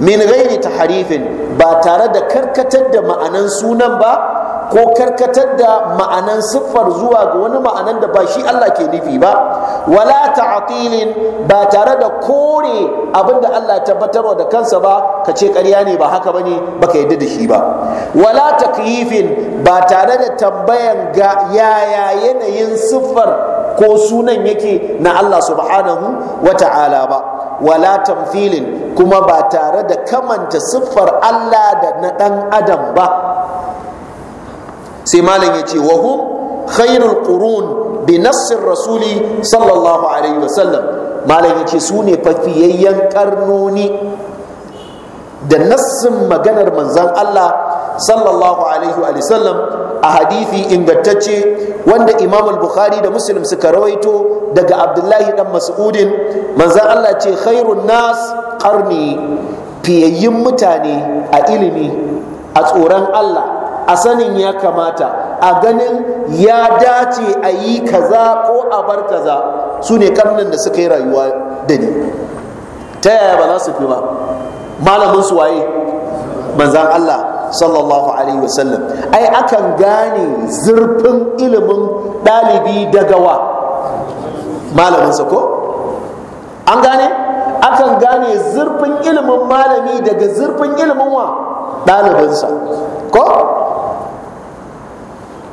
min gairi ta harifin ba tare da karkatar da ma'anan sunan ba ko karkatar da ma'anan siffar zuwa ga wani ma'anan da ba shi Allah ke nufi ba wala ta'tilin ba tare da kore abinda Allah tabbatarwa da kansa ba ka ce ƙarya ne ba haka bane baka yadda da shi ba wala takyifin ba tare da tambayan ga yaya yanayin siffar ko sunan yake na Allah subhanahu wa ta'ala ba wala tamthilin kuma ba tare da kamanta siffar Allah da na ɗan adam ba sai malam ya ce wa hum khairul qurun bi nassir rasuli sallallahu alaihi wasallam malam ya ce su ne fafiyayyen karnoni da nassin maganar manzan Allah sallallahu alaihi wa sallam a hadithi ingantacce wanda imam al-bukhari da muslim suka rawaito daga abdullahi dan mas'udin manzan Allah ce khairun nas qarni fiyayyin mutane a ilimi a tsoron Allah a sanin ya kamata a ganin ya dace a yi kaza ko a bar kaza su ne karnin da suka yi rayuwa da ni ta yaya ba za su fi ba malamin su waye manzan Allah sallallahu alaihi wasallam ai akan gane zurfin ilimin ɗalibi daga wa malaminsa ko an gane akan gane zurfin ilimin malami daga zurfin ilimin wa ɗalibinsa ko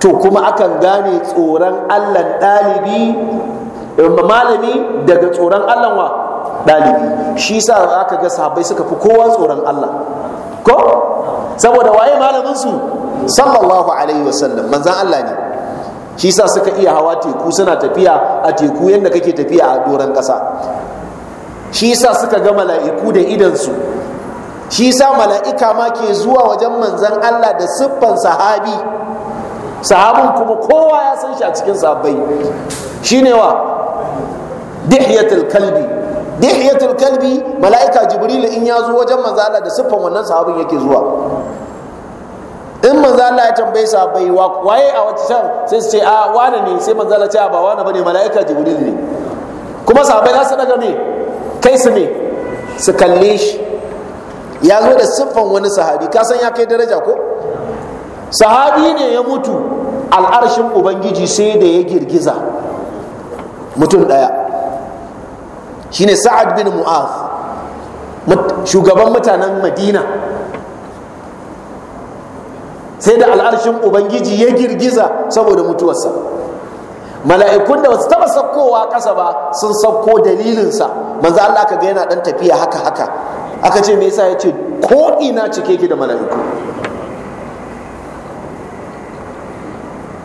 to kuma akan gane tsoron allan ɗalibi um, malami daga tsoron allan wa ɗalibi shi sa aka ga sahabbai suka fi kowa tsoron allah ko saboda waye malaminsu sallallahu alaihi wasallam manzan allah ne shi sa suka iya hawa teku suna tafiya a teku yadda kake tafiya a doron ƙasa shi sa suka ga mala'iku da idansu shi sa mala'ika ma ke zuwa wajen manzan Allah da siffan sahabi sahabin kuma kowa ya san shi a cikin sahabbai ne wa dihiyatul kalbi dihiyatul kalbi mala'ika jibril in ya zo wajen manzo Allah da siffan wannan sahabin yake zuwa in manzo Allah ya tambaye sahabbai waye a wata can sai ce a wane ne sai manzo Allah ya ce ba wane bane mala'ika jibril ne kuma sahabbai za su daga ne? kai su ne? su kalle shi ya zo da siffan wani sahabi ka san ya kai daraja ko sahabi ne ya mutu al'arshin ubangiji sai da ya girgiza mutum ɗaya shine sa'ad bin mu'az shugaban mutanen madina sai da al'arshin ubangiji ya girgiza saboda mutuwarsa mala'ikun da wasu taba sakkowa kasa ba sun sakko dalilinsa manzo Allah ka ga yana dan tafiya haka haka aka ce me yasa yace ko ina cike ki da mala'iku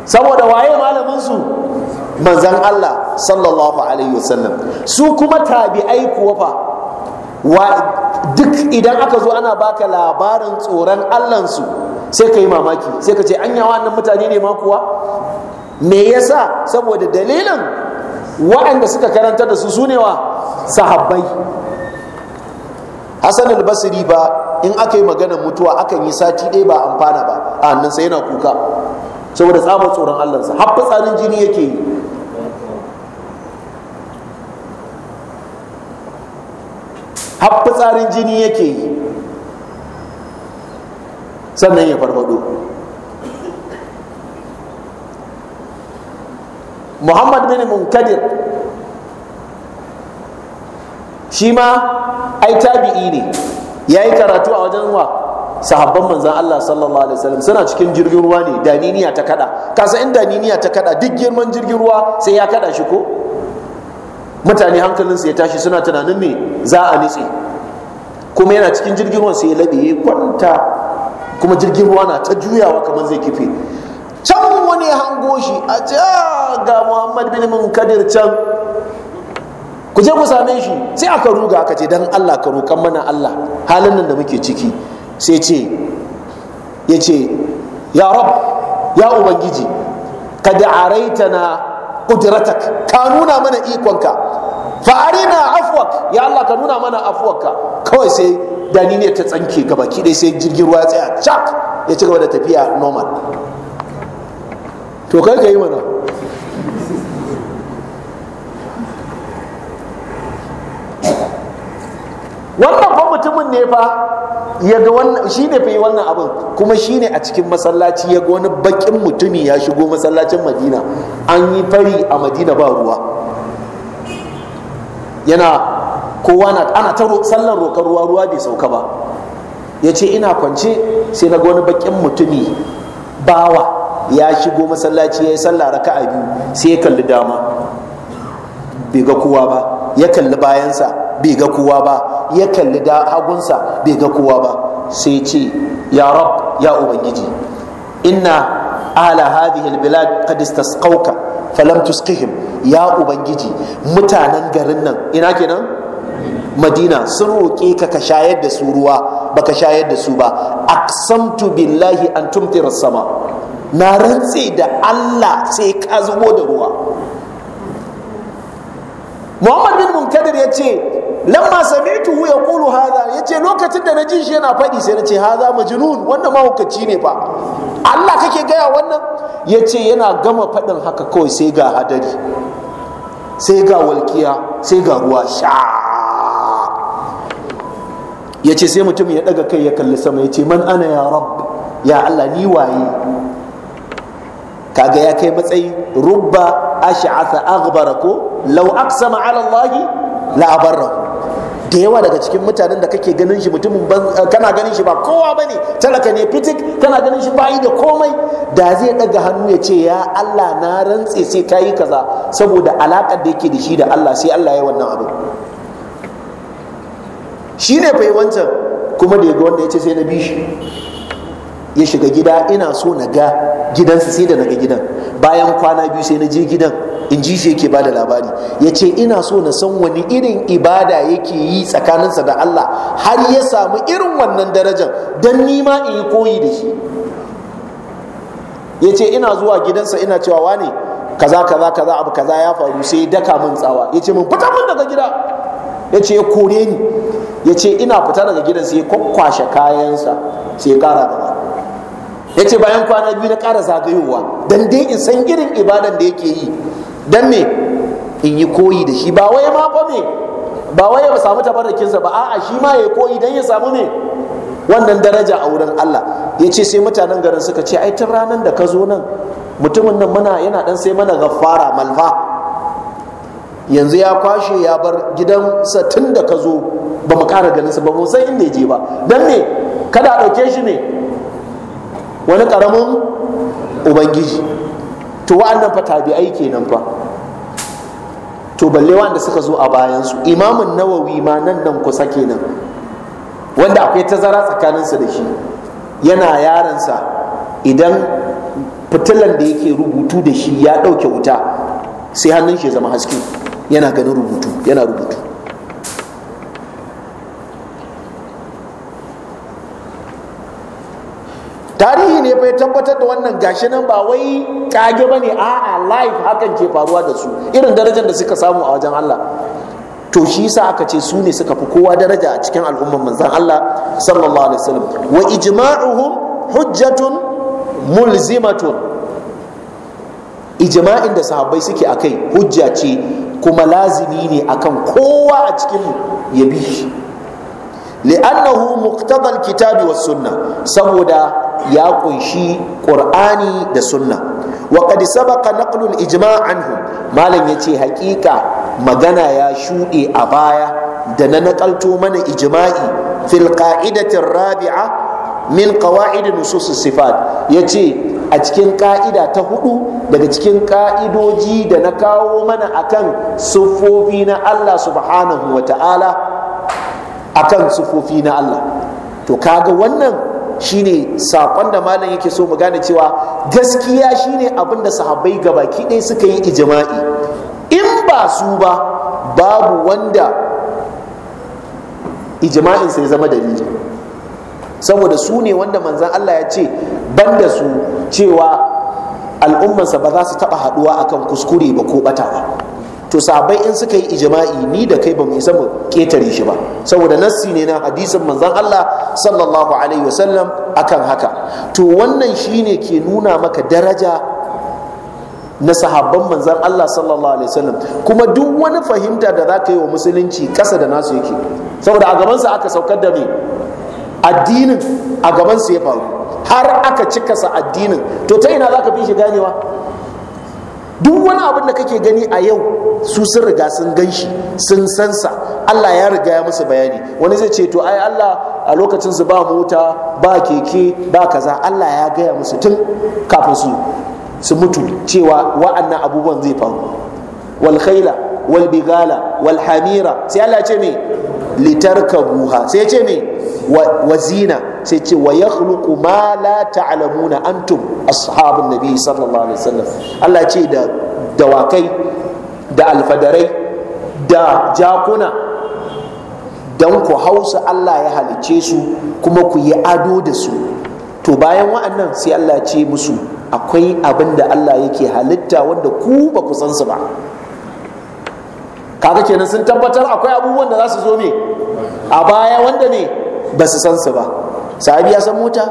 saboda waye malamin su manzan Allah sallallahu alaihi wasallam su kuma tabi'ai kuwa fa wa duk idan aka zo ana baka labarin tsoron Allahnsu sai ka yi mamaki sai ka ce an wannan mutane ne ma kuwa me yasa saboda dalilin waɗanda suka karanta da su sune wa sahabbai Hassan al-Basri ba in aka yi maganar mutuwa akan yi sati ɗaya ba amfana ba a nan sai yana kuka saboda tsabar tsoron allansa har tsarin jini yake yi har tsarin jini yake yi sannan ya farfado muhammad bin munkadir shi ma ai tabi'i ne ya yi karatu a wajen wa sahabban manzan Allah sallallahu alaihi wasallam suna cikin jirgin ruwa ne daniniya ta kada kasa in daniniya ta kada duk girman jirgin ruwa sai ya kada shi ko mutane hankalin su ya tashi suna tunanin me za a nitse kuma yana cikin jirgin ruwan sai ya labe ya kwanta kuma jirgin ruwa na ta juyawa kamar zai kife can wani hango shi a ah, ga Muhammad bin Munkadir can ku je ku same shi sai aka ruga aka ce dan Allah ka roƙan mana Allah halin nan da muke ciki sai ce ya ce ya rab ya ubangiji ka da'araita na kudiratak ka nuna mana ikonka fa'arina afwak ya Allah ka nuna mana afwakka kawai sai dani ne ta tsanke gaba kiɗai dai sai jirgin ruwa ya tsaya cak ya ci gaba da tafiya normal to kai ka yi mana wannan fa mutumin ne fa ya ga wannan shi ne fa wannan abin kuma shi ne a cikin masallaci ya ga wani bakin mutumi ya shigo masallacin madina an yi fari a madina ba ruwa yana kowa na ana ta sallar rokar ruwa ruwa bai sauka ba ya ce ina kwance sai na ga wani bakin mutumi bawa ya shigo masallaci ya yi sallah a biyu sai ya kalli dama bai ga kowa ba ya kalli bayansa bai ga kowa ba ya kalli da hagunsa bai ga kowa ba sai ce ya rab ya ubangiji inna ala hadhihi albilad qad istasqauka falam tusqihim ya ubangiji mutanen garin nan ina kenan madina sun roƙe ka ka shayar da su ruwa baka shayar da su ba aqsamtu billahi an tumtira sama na rantse da Allah sai ka zubo da ruwa Muhammad bin Munkadir ya ce lamma Kulu yaqulu hadha yace lokacin da na ji shi yana faɗi sai na ce hadha majnun wannan mahaukaci ne ba. Allah kake gaya wannan yace yana gama faɗin haka kawai sai ga hadari sai ga walkiya sai ga ruwa sha yace sai mutum ya ɗaga kai ya kalli sama yace man ana ya rabb ya Allah ni waye kaga ya kai matsayi rubba ash'atha aghbara ko law aqsama ala la da yawa daga cikin mutanen da kake ganin shi mutumin eh, kana ganin shi ba kowa bane talaka ne fitik kana ganin shi bayi da komai da zai ɗaga hannu ya ce ya Allah na rantse sai ka yi kaza saboda alakar da yake da shi da Allah sai Allah ya wannan abin. Shi ne wancan kuma da ya ga wanda ya ce sai na bi shi ya shiga gida ina so na ga gidansa sai da naga gidan bayan kwana biyu sai na je gidan in ji shi yake bada labari ya ce ina so na san wani irin ibada yake yi tsakaninsa da Allah har ya samu irin wannan darajar don nima in yi koyi da shi ya ce ina zuwa gidansa ina cewa wane kaza kaza kaza abu kaza ya faru sai daka min tsawa ya ce min fita min daga gida ya ce ya kore ni ya ce ina fita daga gidan sai ya kwakwashe kayansa sai ya kara gaba ya ce bayan kwana biyu na ƙara zagayowa don dai in san irin ibadan da yake yi dan me in yi koyi da shi ba waya ma ba me ba waya ba samu tabarakinsa ba a'a shi ma ya koyi dan ya samu me wannan daraja a wurin Allah ya ce sai mutanen garin suka ce ai tun ranar da ka zo nan mutumin nan muna yana dan sai mana gaffara malfa yanzu ya kwashe ya bar gidansa tun da ka zo ba mu ganin ganinsa ba mu san inda ya je ba dan me kada a ɗauke shi ne wani karamin ubangiji to wa'annan fa tabi'ai kenan fa to balle wanda suka zo a bayansu imamun nawawi ma nan nan kusa kenan wanda akwai tazara tsakaninsa da shi yana yaransa idan fitilan da yake rubutu da shi ya ɗauke wuta sai hannun shi ya zama haske yana ganin rubutu yana rubutu tarihi ne bai tabbatar da wannan gashi nan ba wai kage ba ne a'a life hakan ke faruwa da su irin darajar da suka samu a wajen Allah to shi yasa aka ce su ne suka fi kowa daraja a cikin al'umman manzon Allah sallallahu alaihi wasallam wa ijma'uhum hujjatun mulzimatun ijma'in da sahabbai suke akai hujja ce kuma lazimi ne akan kowa a cikin ya bi li'annahu muqtadal kitabi was sunna saboda ya kunshi qur'ani da sunna wa qad sabaqa naqlul ijma' anhu malam yace hakika magana ya shude a baya da na nakalto mana ijma'i fil qa'idati rabi'a min qawaid nusus sifat yace a cikin ka'ida ta hudu daga cikin ka'idoji da na kawo mana akan siffofi na Allah subhanahu wa ta'ala akan sufofi na Allah to kaga wannan shine sakon da malam yake so mu gane cewa gaskiya shine abinda da sahabbai gabaki ɗaya suka yi ijima'i in ba su ba babu wanda ijima'in sai zama dalili saboda su ne wanda manzan Allah ya ce banda su cewa al'ummansa ba za su taɓa haɗuwa akan kuskure ba ko ɓata ba to sahabbai in suka yi ijma'i ni da kai bamu isa mu ketare shi ba saboda nassi ne na hadisin manzon Allah sallallahu alaihi wasallam akan haka to wannan shine ke nuna maka daraja na sahabban manzon Allah sallallahu alaihi wasallam kuma duk wani fahimta da zaka yi wa musulunci kasa da nasu yake saboda a gaban sa aka saukar da ni addinin a gaban sa ya faru har aka cika sa addinin to ta ina zaka fi shi ganewa duk wani abin da kake gani a yau su sun riga sun gan shi sun sansa Allah ya riga ya musu bayani wani zai ce to ai Allah a lokacin su ba mota ba keke ba kaza Allah ya gaya musu tun kafin su su mutu cewa wa'annan abubuwan zai faru wal khaila wal bigala wal hamira sai Allah ce me litarkabuha sai ce me Wazina sai ce wa yakhluqu ma la ta'lamuna antum ashabun nabi sallallahu alaihi wasallam Allah ce da dawakai da alfadarai da jakuna don ku hausa Allah ya halice su kuma ku yi ado da su to bayan wa'annan sai Allah ce musu akwai abin da Allah yake halitta wanda ku ba ku san su ba kaga kenan sun tabbatar akwai abubuwan da za su zo me a baya wanda ne ba su san su ba sahabi ya san mota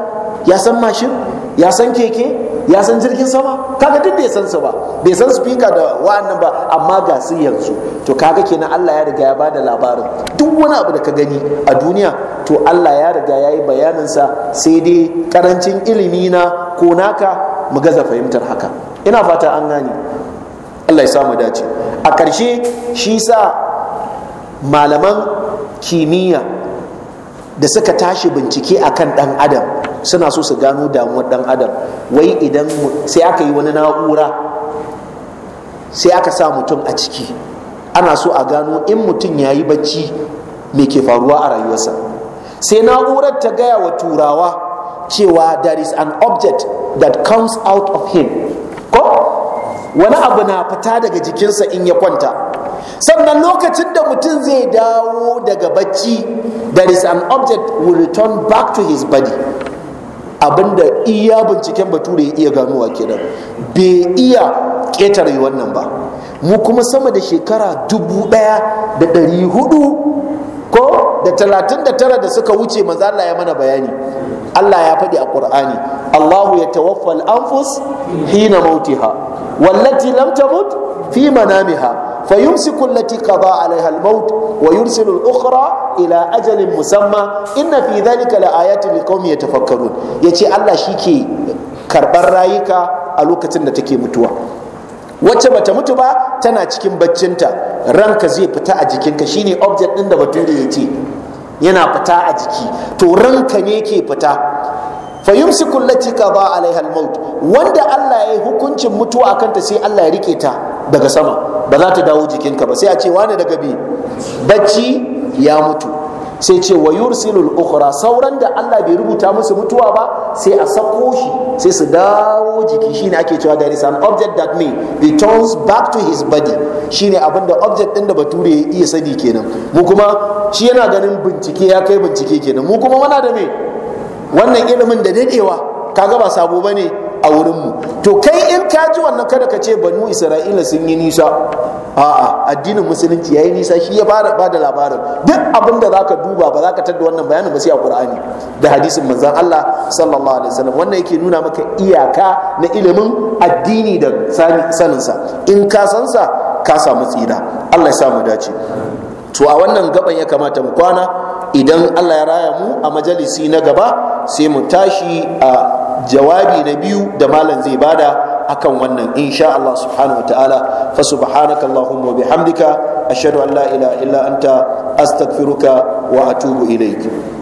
ya san mashin ya san keke ya san jirgin sama kaga duk bai san su ba bai san speaker da wa'annan ba amma ga su yanzu to kaga kenan Allah ya riga ya bada labarin duk wani abu da ka gani a duniya to Allah ya riga ya yi bayanin sa sai dai karancin ilimi na ko naka mu gaza fahimtar haka ina fata an gani. Allah ya samu dace a ƙarshe shi sa malaman kimiyya da suka tashi bincike akan ɗan adam suna so su gano damuwar dan adam wai idan sai aka yi wani na'ura sai aka sa mutum a ciki ana so a gano in mutum ya yi bacci me ke faruwa a rayuwarsa sai na'urar ta gaya wa turawa cewa there is an object that comes out of him ko wani abu na fita daga jikinsa in ya kwanta sannan lokacin da mutum zai dawo daga bacci there is an object will return back to his body abinda iya binciken bature ya iya ganowa kenan bai iya ƙetare wannan ba mu kuma sama da shekara dubu ɗaya da ɗari hudu ko da talatin da tara da suka wuce maza Allah ya mana bayani Allah ya faɗi a ƙur'ani Allahu ya tawaffa anfus hina mautiha wallati lam tamut fi manamiha فيمسك التي قضى عليها الموت ويرسل الأخرى إلى أجل مسمى إن في ذلك لآيات لقوم يتفكرون يتي الله شيكي karɓar rayuka a lokacin da take mutuwa wacce bata mutu ba tana cikin baccinta ranka zai fita a jikinka shine object ɗin da bature ya ce yana fita a jiki to ranka ne ke fita fayumsiku ka ba alaihal maut wanda Allah ya yi hukuncin mutuwa kanta sai Allah ya rike ta daga sama ba za ta dawo jikinka ba sai a ce wane daga bi bacci ya mutu sai ce wa yursilul ukhra sauran da Allah bai rubuta musu mutuwa ba sai a sako shi sai su dawo jiki shine ake cewa there is an object that may returns back to his body shine abinda object din da bature ya iya sani kenan mu kuma shi yana ganin bincike ya kai bincike kenan mu kuma muna da me wannan ilimin da dadewa kaga ba sabo bane a wurinmu to kai in ka ji wannan kada ka ce banu isra'ila sun yi nisa a'a addinin musulunci yayi nisa shi ya fara ba da labarin duk abin da zaka duba ba zaka tada wannan bayanin ba sai a qur'ani da hadisin manzon Allah sallallahu alaihi wasallam wannan yake nuna maka iyaka na ilimin addini da saninsa in ka san sa ka samu tsira Allah ya mu dace to a wannan gaban ya kamata mu kwana idan Allah ya raya mu a majalisi na gaba sai mu tashi a jawabi na biyu da malam zai bada akan wannan insha Allah subhanahu wataala fa subhanaka allahumma bihamdika ashhadu an la ilaha illa anta astaghfiruka wa atubu ilaik